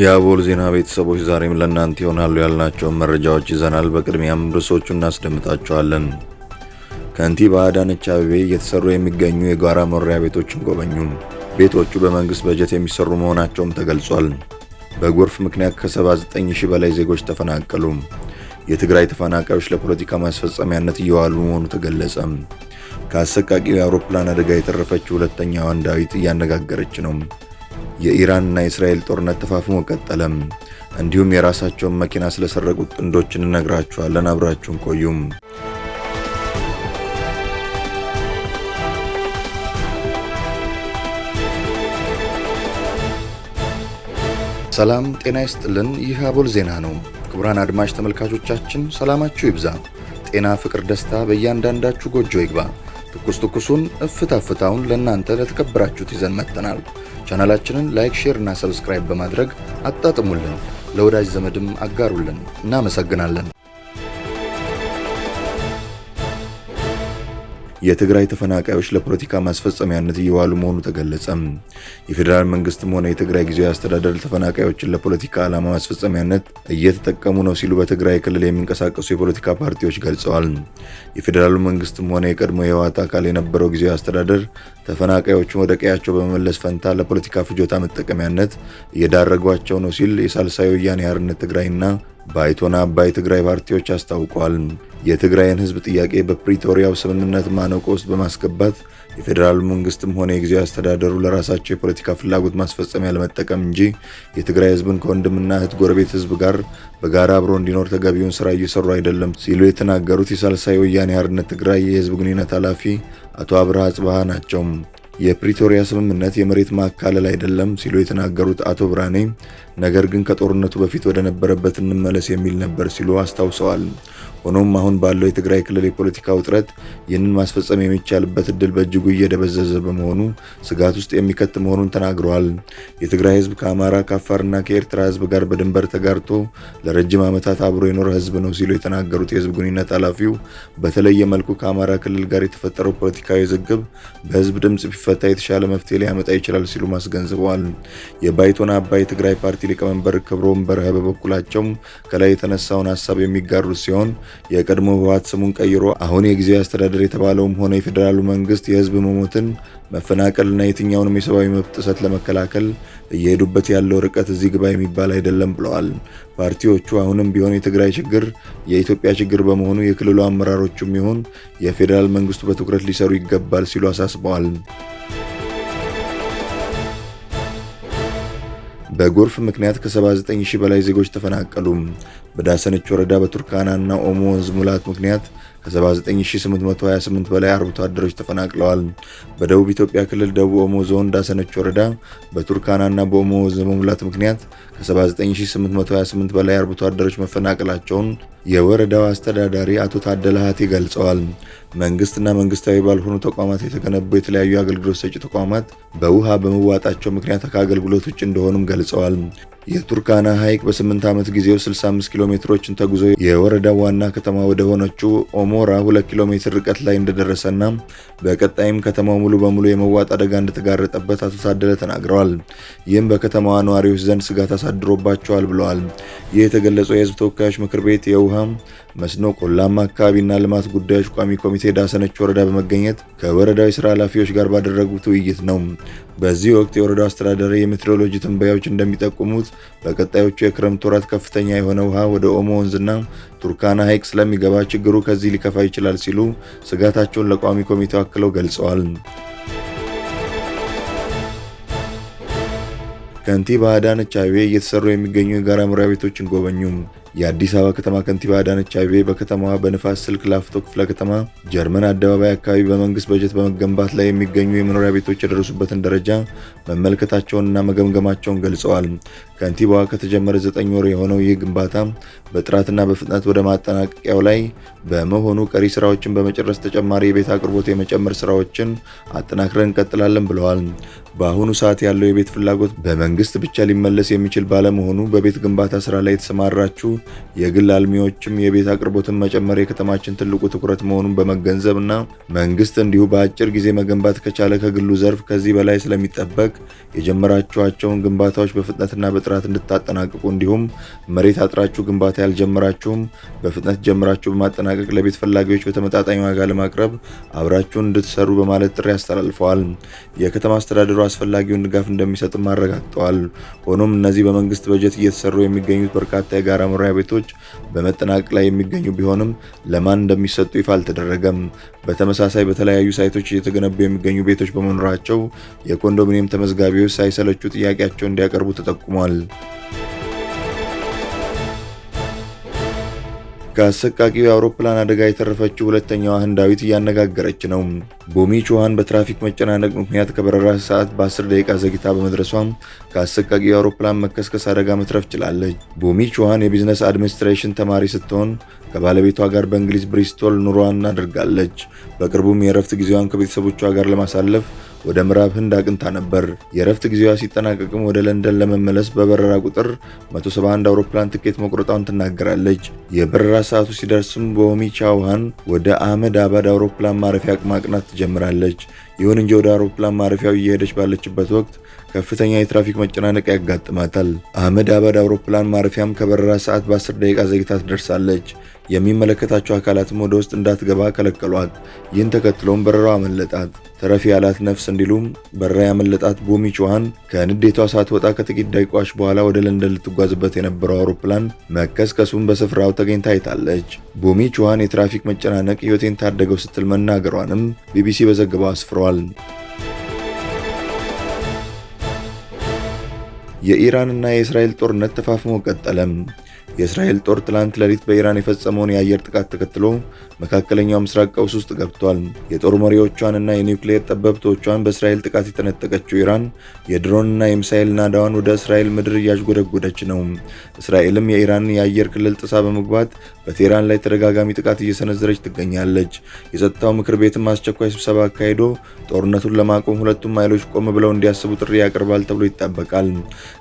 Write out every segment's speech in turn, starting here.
የአቦል ዜና ቤተሰቦች ዛሬም ለእናንተ ይሆናሉ ያልናቸውን መረጃዎች ይዘናል። በቅድሚያም ርዕሶቹ እናስደምጣቸዋለን። ከንቲባ አዳነች አቤቤ እየተሰሩ የሚገኙ የጋራ መኖሪያ ቤቶችን ጎበኙ። ቤቶቹ በመንግሥት በጀት የሚሰሩ መሆናቸውም ተገልጿል። በጎርፍ ምክንያት ከ79 ሺህ በላይ ዜጎች ተፈናቀሉ። የትግራይ ተፈናቃዮች ለፖለቲካ ማስፈጸሚያነት እየዋሉ መሆኑ ተገለጸ። ከአሰቃቂው የአውሮፕላን አደጋ የተረፈችው ሁለተኛ ህንዳዊት እያነጋገረች ነው። የኢራንና የእስራኤል ጦርነት ተፋፍሞ ቀጠለም። እንዲሁም የራሳቸውን መኪና ስለሰረቁት ጥንዶችን እነግራችኋለን። አብራችሁን ቆዩም። ሰላም ጤና ይስጥልን። ይህ አቦል ዜና ነው። ክቡራን አድማጭ ተመልካቾቻችን ሰላማችሁ ይብዛ፣ ጤና፣ ፍቅር፣ ደስታ በእያንዳንዳችሁ ጎጆ ይግባ። ትኩስ ትኩሱን እፍታ ፍታውን ለእናንተ ለተከበራችሁት ይዘን መጥተናል። ቻናላችንን ላይክ፣ ሼር እና ሰብስክራይብ በማድረግ አጣጥሙልን፣ ለወዳጅ ዘመድም አጋሩልን። እናመሰግናለን። የትግራይ ተፈናቃዮች ለፖለቲካ ማስፈጸሚያነት እየዋሉ መሆኑ ተገለጸ። የፌዴራል መንግስትም ሆነ የትግራይ ጊዜያዊ አስተዳደር ተፈናቃዮችን ለፖለቲካ ዓላማ ማስፈጸሚያነት እየተጠቀሙ ነው ሲሉ በትግራይ ክልል የሚንቀሳቀሱ የፖለቲካ ፓርቲዎች ገልጸዋል። የፌዴራሉ መንግስትም ሆነ የቀድሞ የህወሓት አካል የነበረው ጊዜያዊ አስተዳደር ተፈናቃዮችን ወደ ቀያቸው በመመለስ ፈንታ ለፖለቲካ ፍጆታ መጠቀሚያነት እየዳረጓቸው ነው ሲል የሳልሳይ ወያኔ ሓርነት ትግራይና ባይቶና አባይ ትግራይ ፓርቲዎች አስታውቀዋል። የትግራይን ህዝብ ጥያቄ በፕሪቶሪያው ስምምነት ማነቆ ውስጥ በማስገባት የፌዴራል መንግስትም ሆነ የጊዜያዊ አስተዳደሩ ለራሳቸው የፖለቲካ ፍላጎት ማስፈጸሚያ ለመጠቀም እንጂ የትግራይ ህዝብን ከወንድምና እህት ጎረቤት ህዝብ ጋር በጋራ አብሮ እንዲኖር ተገቢውን ስራ እየሰሩ አይደለም ሲሉ የተናገሩት የሳልሳይ ወያኔ ሓርነት ትግራይ የህዝብ ግንኙነት ኃላፊ አቶ አብርሃ ጽብሃ ናቸው። የፕሪቶሪያ ስምምነት የመሬት ማካለል አይደለም ሲሉ የተናገሩት አቶ ብርሃኔ ነገር ግን ከጦርነቱ በፊት ወደ ነበረበት እንመለስ የሚል ነበር ሲሉ አስታውሰዋል። ሆኖም አሁን ባለው የትግራይ ክልል የፖለቲካ ውጥረት ይህንን ማስፈጸም የሚቻልበት እድል በእጅጉ እየደበዘዘ በመሆኑ ስጋት ውስጥ የሚከት መሆኑን ተናግረዋል። የትግራይ ህዝብ ከአማራ ከአፋርና ከኤርትራ ህዝብ ጋር በድንበር ተጋርቶ ለረጅም ዓመታት አብሮ የኖረ ህዝብ ነው ሲሉ የተናገሩት የህዝብ ግንኙነት ኃላፊው በተለየ መልኩ ከአማራ ክልል ጋር የተፈጠረው ፖለቲካዊ ዝግብ በህዝብ ድምፅ ቢፈታ የተሻለ መፍትሄ ሊያመጣ ይችላል ሲሉ ማስገንዝበዋል። የባይቶን አባይ ትግራይ ፓርቲ ሊቀመንበር ክብሮም በረሀ በበኩላቸው ከላይ የተነሳውን ሀሳብ የሚጋሩት ሲሆን የቀድሞ ህወሓት ስሙን ቀይሮ አሁን የጊዜ አስተዳደር የተባለውም ሆነ የፌዴራሉ መንግስት የህዝብ መሞትን መፈናቀልና የትኛውንም የሰብአዊ መብት ጥሰት ለመከላከል እየሄዱበት ያለው ርቀት እዚህ ግባ የሚባል አይደለም ብለዋል። ፓርቲዎቹ አሁንም ቢሆን የትግራይ ችግር የኢትዮጵያ ችግር በመሆኑ የክልሉ አመራሮቹም ይሁን የፌዴራል መንግስቱ በትኩረት ሊሰሩ ይገባል ሲሉ አሳስበዋል። በጎርፍ ምክንያት ከ79 ሺህ በላይ ዜጎች ተፈናቀሉ። በዳሰነች ወረዳ በቱርካናና ኦሞ ወንዝ ሙላት ምክንያት ከ79828 በላይ አርብቶ አደሮች ተፈናቅለዋል። በደቡብ ኢትዮጵያ ክልል ደቡብ ኦሞ ዞን ዳሰነች ወረዳ በቱርካናና በኦሞ ወንዝ ሙላት ምክንያት ከ79828 በላይ አርብቶ አደሮች መፈናቀላቸውን የወረዳው አስተዳዳሪ አቶ ታደለ ሀቲ ገልጸዋል። መንግስትና መንግስታዊ ባልሆኑ ተቋማት የተገነቡ የተለያዩ አገልግሎት ሰጪ ተቋማት በውሃ በመዋጣቸው ምክንያት ከአገልግሎት ውጭ እንደሆኑም ገልጸዋል። የቱርካና ሐይቅ በስምንት ዓመት ጊዜው 65 ኪሎ ሜትሮችን ተጉዞ የወረዳው ዋና ከተማ ወደ ሆነችው ኦሞራ 2 ኪሎ ሜትር ርቀት ላይ እንደደረሰና በቀጣይም ከተማው ሙሉ በሙሉ የመዋጥ አደጋ እንደተጋረጠበት አቶ ታደለ ተናግረዋል። ይህም በከተማዋ ነዋሪዎች ዘንድ ስጋት አሳድሮባቸዋል ብለዋል። ይህ የተገለጸው የህዝብ ተወካዮች ምክር ቤት የውሃ መስኖ፣ ቆላማ አካባቢና ልማት ጉዳዮች ቋሚ ኮሚቴ ዳሰነች ወረዳ በመገኘት ከወረዳዊ ስራ ኃላፊዎች ጋር ባደረጉት ውይይት ነው። በዚህ ወቅት የወረዳው አስተዳዳሪ የሜትሮሎጂ ትንበያዎች እንደሚጠቁሙት በቀጣዮቹ የክረምት ወራት ከፍተኛ የሆነ ውሃ ወደ ኦሞ ወንዝና ቱርካና ሐይቅ ስለሚገባ ችግሩ ከዚህ ሊከፋ ይችላል ሲሉ ስጋታቸውን ለቋሚ ኮሚቴው አክለው ገልጸዋል። ከንቲባ አዳነች አቤቤ እየተሰሩ የሚገኙ የጋራ መኖሪያ ቤቶችን ጎበኙ። የአዲስ አበባ ከተማ ከንቲባ አዳነች አቤቤ በከተማዋ በንፋስ ስልክ ላፍቶ ክፍለ ከተማ ጀርመን አደባባይ አካባቢ በመንግስት በጀት በመገንባት ላይ የሚገኙ የመኖሪያ ቤቶች የደረሱበትን ደረጃ መመልከታቸውንና መገምገማቸውን ገልጸዋል። ከንቲባዋ ከተጀመረ ዘጠኝ ወር የሆነው ይህ ግንባታ በጥራትና በፍጥነት ወደ ማጠናቀቂያው ላይ በመሆኑ ቀሪ ስራዎችን በመጨረስ ተጨማሪ የቤት አቅርቦት የመጨመር ስራዎችን አጠናክረን እንቀጥላለን ብለዋል። በአሁኑ ሰዓት ያለው የቤት ፍላጎት በመንግስት ብቻ ሊመለስ የሚችል ባለመሆኑ በቤት ግንባታ ስራ ላይ የተሰማራችሁ የግል አልሚዎችም የቤት አቅርቦትን መጨመር የከተማችን ትልቁ ትኩረት መሆኑን በመገንዘብ እና መንግስት እንዲሁ በአጭር ጊዜ መገንባት ከቻለ ከግሉ ዘርፍ ከዚህ በላይ ስለሚጠበቅ የጀመራችኋቸውን ግንባታዎች በፍጥነትና በጥራት እንድታጠናቅቁ እንዲሁም መሬት አጥራችሁ ግንባታ ያልጀመራችሁም በፍጥነት ጀምራችሁ በማጠናቀቅ ለቤት ፈላጊዎች በተመጣጣኝ ዋጋ ለማቅረብ አብራችሁን እንድትሰሩ በማለት ጥሪ አስተላልፈዋል። የከተማ አስተዳደሩ አስፈላጊውን ድጋፍ እንደሚሰጥም አረጋግጠዋል። ሆኖም እነዚህ በመንግስት በጀት እየተሰሩ የሚገኙት በርካታ የጋራ መኖሪያ ቤቶች በመጠናቀቅ ላይ የሚገኙ ቢሆንም ለማን እንደሚሰጡ ይፋ አልተደረገም። በተመሳሳይ በተለያዩ ሳይቶች እየተገነቡ የሚገኙ ቤቶች በመኖራቸው የኮንዶሚኒየም ተመዝጋቢዎች ሳይሰለቹ ጥያቄያቸው እንዲያቀርቡ ተጠቁሟል። ከአሰቃቂው የአውሮፕላን አደጋ የተረፈችው ሁለተኛዋ ህንዳዊት እያነጋገረች ነው። ቦሚ ቹሃን በትራፊክ መጨናነቅ ምክንያት ከበረራ ሰዓት በ10 ደቂቃ ዘግይታ በመድረሷ ከአሰቃቂው የአውሮፕላን መከስከስ አደጋ መትረፍ ችላለች። ቦሚ ቹሃን የቢዝነስ አድሚኒስትሬሽን ተማሪ ስትሆን ከባለቤቷ ጋር በእንግሊዝ ብሪስቶል ኑሯን አድርጋለች። በቅርቡም የእረፍት ጊዜዋን ከቤተሰቦቿ ጋር ለማሳለፍ ወደ ምዕራብ ህንድ አቅንታ ነበር። የእረፍት ጊዜዋ ሲጠናቀቅም ወደ ለንደን ለመመለስ በበረራ ቁጥር 171 አውሮፕላን ትኬት መቁረጣውን ትናገራለች። የበረራ ሰዓቱ ሲደርስም በሆሚ ቻውሃን ወደ አህመድ አባድ አውሮፕላን ማረፊያ ማቅናት ትጀምራለች። ይሁን እንጂ ወደ አውሮፕላን ማረፊያው እየሄደች ባለችበት ወቅት ከፍተኛ የትራፊክ መጨናነቅ ያጋጥማታል። አህመድ አባድ አውሮፕላን ማረፊያም ከበረራ ሰዓት በ10 ደቂቃ ዘግይታ ትደርሳለች። የሚመለከታቸው አካላትም ወደ ውስጥ እንዳትገባ ከለከሏት። ይህን ተከትሎም በረራ አመለጣት። ተረፊ ያላት ነፍስ እንዲሉም በረራ ያመለጣት ቦሚ ቹሃን ከንዴቷ ሳትወጣ ከጥቂት ደቂቃዎች በኋላ ወደ ለንደን ልትጓዝበት የነበረው አውሮፕላን መከስከሱን በስፍራው ተገኝታ አይታለች። ቦሚ ቹሃን የትራፊክ መጨናነቅ ህይወቴን ታደገው ስትል መናገሯንም ቢቢሲ በዘገባው አስፍሯል። የኢራንና የእስራኤል ጦርነት ተፋፍሞ ቀጠለም። የእስራኤል ጦር ትላንት ሌሊት በኢራን የፈጸመውን የአየር ጥቃት ተከትሎ መካከለኛው ምስራቅ ቀውስ ውስጥ ገብቷል። የጦር መሪዎቿንና የኒውክሌር ጠበብቶቿን በእስራኤል ጥቃት የተነጠቀችው ኢራን የድሮንና የሚሳይል ናዳዋን ወደ እስራኤል ምድር እያዥጎደጎደች ነው። እስራኤልም የኢራን የአየር ክልል ጥሳ በመግባት በቴህራን ላይ ተደጋጋሚ ጥቃት እየሰነዘረች ትገኛለች። የጸጥታው ምክር ቤትም አስቸኳይ ስብሰባ አካሂዶ ጦርነቱን ለማቆም ሁለቱም ኃይሎች ቆም ብለው እንዲያስቡ ጥሪ ያቀርባል ተብሎ ይጠበቃል።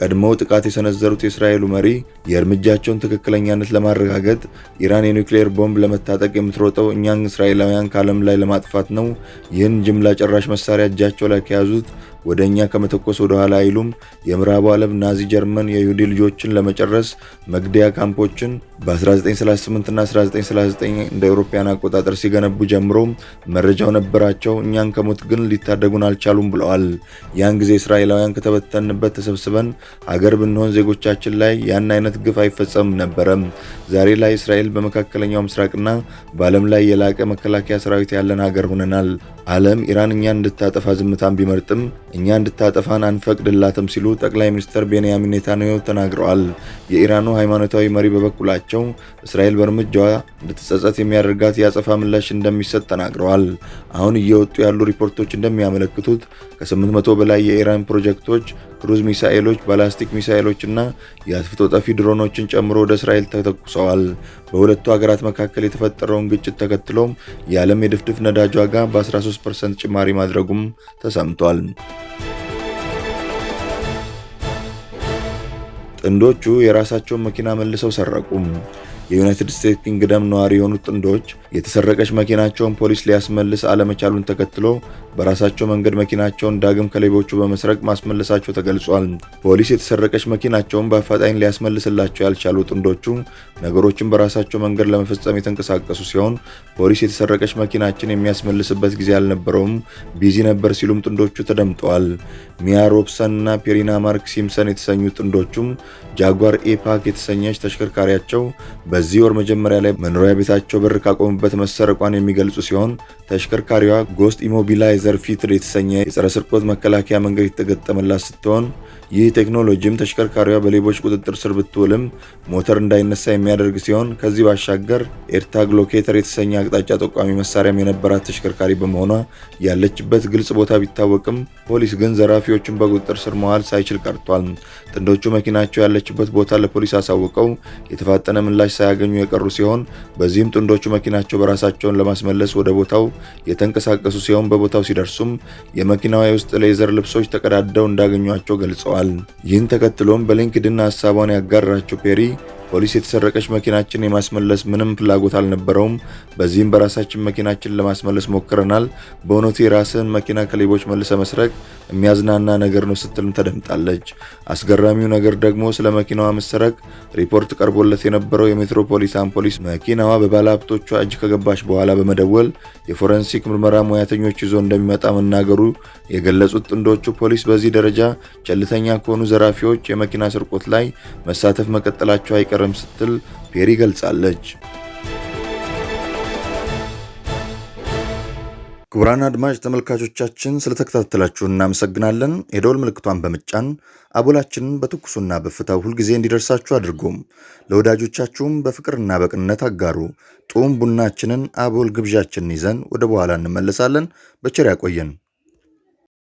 ቀድሞ ጥቃት የሰነዘሩት የእስራኤሉ መሪ የእርምጃቸውን ትክክለኛነት ለማረጋገጥ ኢራን የኒውክሌር ቦምብ ለመታጠቅ የምትሮጠው እኛን እስራኤላውያን ከዓለም ላይ ለማጥፋት ነው። ይህን ጅምላ ጨራሽ መሳሪያ እጃቸው ላይ ከያዙት ወደ እኛ ከመተኮስ ወደ ኋላ አይሉም። የምዕራቡ ዓለም ናዚ ጀርመን የይሁዲ ልጆችን ለመጨረስ መግደያ ካምፖችን በ1938 እና 1939 እንደ አውሮፓውያን አቆጣጠር ሲገነቡ ጀምሮ መረጃው ነበራቸው። እኛን ከሞት ግን ሊታደጉን አልቻሉም ብለዋል። ያን ጊዜ እስራኤላውያን ከተበተንበት ተሰብስበን አገር ብንሆን ዜጎቻችን ላይ ያን አይነት ግፍ አይፈጸምም ነበረም። ዛሬ ላይ እስራኤል በመካከለኛው ምስራቅና በዓለም ላይ የላቀ መከላከያ ሰራዊት ያለን ሀገር ሆነናል። ዓለም ኢራን እኛን እንድታጠፋ ዝምታን ቢመርጥም እኛ እንድታጠፋን አንፈቅድላትም ሲሉ ጠቅላይ ሚኒስትር ቤንያሚን ኔታንያሁ ተናግረዋል። የኢራኑ ሃይማኖታዊ መሪ በበኩላቸው እስራኤል በእርምጃዋ እንድትጸጸት የሚያደርጋት የአጸፋ ምላሽ እንደሚሰጥ ተናግረዋል። አሁን እየወጡ ያሉ ሪፖርቶች እንደሚያመለክቱት ከ800 በላይ የኢራን ፕሮጀክቶች ክሩዝ ሚሳኤሎች፣ ባላስቲክ እና የአጥፍቶ ጠፊ ድሮኖችን ጨምሮ ወደ እስራኤል ተተኩሰዋል። በሁለቱ ሀገራት መካከል የተፈጠረውን ግጭት ተከትሎም የዓለም የድፍድፍ ነዳጅ ዋጋ በ13 ፐርሰንት ጭማሪ ማድረጉም ተሰምቷል። ጥንዶቹ የራሳቸውን መኪና መልሰው ሰረቁም። የዩናይትድ ስቴትስ ኪንግደም ነዋሪ የሆኑት ጥንዶች የተሰረቀች መኪናቸውን ፖሊስ ሊያስመልስ አለመቻሉን ተከትሎ በራሳቸው መንገድ መኪናቸውን ዳግም ከሌቦቹ በመስረቅ ማስመለሳቸው ተገልጿል። ፖሊስ የተሰረቀች መኪናቸውን በአፋጣኝ ሊያስመልስላቸው ያልቻሉ ጥንዶቹ ነገሮችን በራሳቸው መንገድ ለመፈጸም የተንቀሳቀሱ ሲሆን ፖሊስ የተሰረቀች መኪናችን የሚያስመልስበት ጊዜ አልነበረውም፣ ቢዚ ነበር ሲሉም ጥንዶቹ ተደምጠዋል። ሚያ ሮብሰን እና ፔሪና ማርክ ሲምሰን የተሰኙ ጥንዶቹም ጃጓር ኤፓክ የተሰኘች ተሽከርካሪያቸው በ በዚህ ወር መጀመሪያ ላይ መኖሪያ ቤታቸው በር ካቆሙበት መሰረቋን የሚገልጹ ሲሆን ተሽከርካሪዋ ጎስት ኢሞቢላይዘር ፊትር የተሰኘ የጸረ ስርቆት መከላከያ መንገድ የተገጠመላት ስትሆን ይህ ቴክኖሎጂም ተሽከርካሪዋ በሌቦች ቁጥጥር ስር ብትውልም ሞተር እንዳይነሳ የሚያደርግ ሲሆን ከዚህ ባሻገር ኤርታግ ሎኬተር የተሰኘ አቅጣጫ ጠቋሚ መሳሪያም የነበራት ተሽከርካሪ በመሆኗ ያለችበት ግልጽ ቦታ ቢታወቅም ፖሊስ ግን ዘራፊዎችን በቁጥጥር ስር መዋል ሳይችል ቀርቷል። ጥንዶቹ መኪናቸው ያለችበት ቦታ ለፖሊስ አሳውቀው የተፋጠነ ምላሽ ሳያገኙ የቀሩ ሲሆን በዚህም ጥንዶቹ መኪናቸው በራሳቸውን ለማስመለስ ወደ ቦታው የተንቀሳቀሱ ሲሆን በቦታው ሲደርሱም የመኪናዋ የውስጥ ሌዘር ልብሶች ተቀዳደው እንዳገኟቸው ገልጸዋል። አስታውቋል። ይህን ተከትሎም በሊንክድን ሀሳቧን ያጋራችው ፔሪ ፖሊስ የተሰረቀች መኪናችን የማስመለስ ምንም ፍላጎት አልነበረውም። በዚህም በራሳችን መኪናችን ለማስመለስ ሞክረናል። በእውነቱ የራስህን መኪና ከሌቦች መልሰ መስረቅ የሚያዝናና ነገር ነው ስትልም ተደምጣለች። አስገራሚው ነገር ደግሞ ስለ መኪናዋ መሰረቅ ሪፖርት ቀርቦለት የነበረው የሜትሮፖሊታን ፖሊስ መኪናዋ በባለ ሀብቶቿ እጅ ከገባች በኋላ በመደወል የፎረንሲክ ምርመራ ሙያተኞች ይዞ እንደሚመጣ መናገሩ የገለጹት ጥንዶቹ ፖሊስ በዚህ ደረጃ ቸልተኛ ከሆኑ ዘራፊዎች የመኪና ስርቆት ላይ መሳተፍ መቀጠላቸው አይቀርም አልቀረም ስትል ፔሪ ገልጻለች። ክቡራን አድማጭ ተመልካቾቻችን ስለተከታተላችሁ እናመሰግናለን። የደወል ምልክቷን በምጫን አቦላችንን በትኩሱና በፍታው ሁልጊዜ እንዲደርሳችሁ አድርጉም። ለወዳጆቻችሁም በፍቅርና በቅንነት አጋሩ። ጡም ቡናችንን አቦል ግብዣችንን ይዘን ወደ በኋላ እንመለሳለን። በቸር ያቆየን።